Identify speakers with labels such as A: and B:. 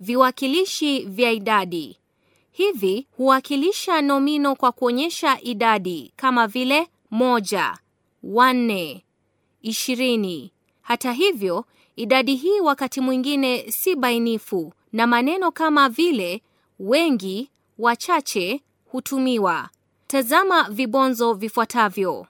A: Viwakilishi vya idadi hivi huwakilisha nomino kwa kuonyesha idadi kama vile moja, wanne, ishirini. Hata hivyo, idadi hii wakati mwingine si bainifu na maneno kama vile wengi, wachache hutumiwa. Tazama vibonzo vifuatavyo.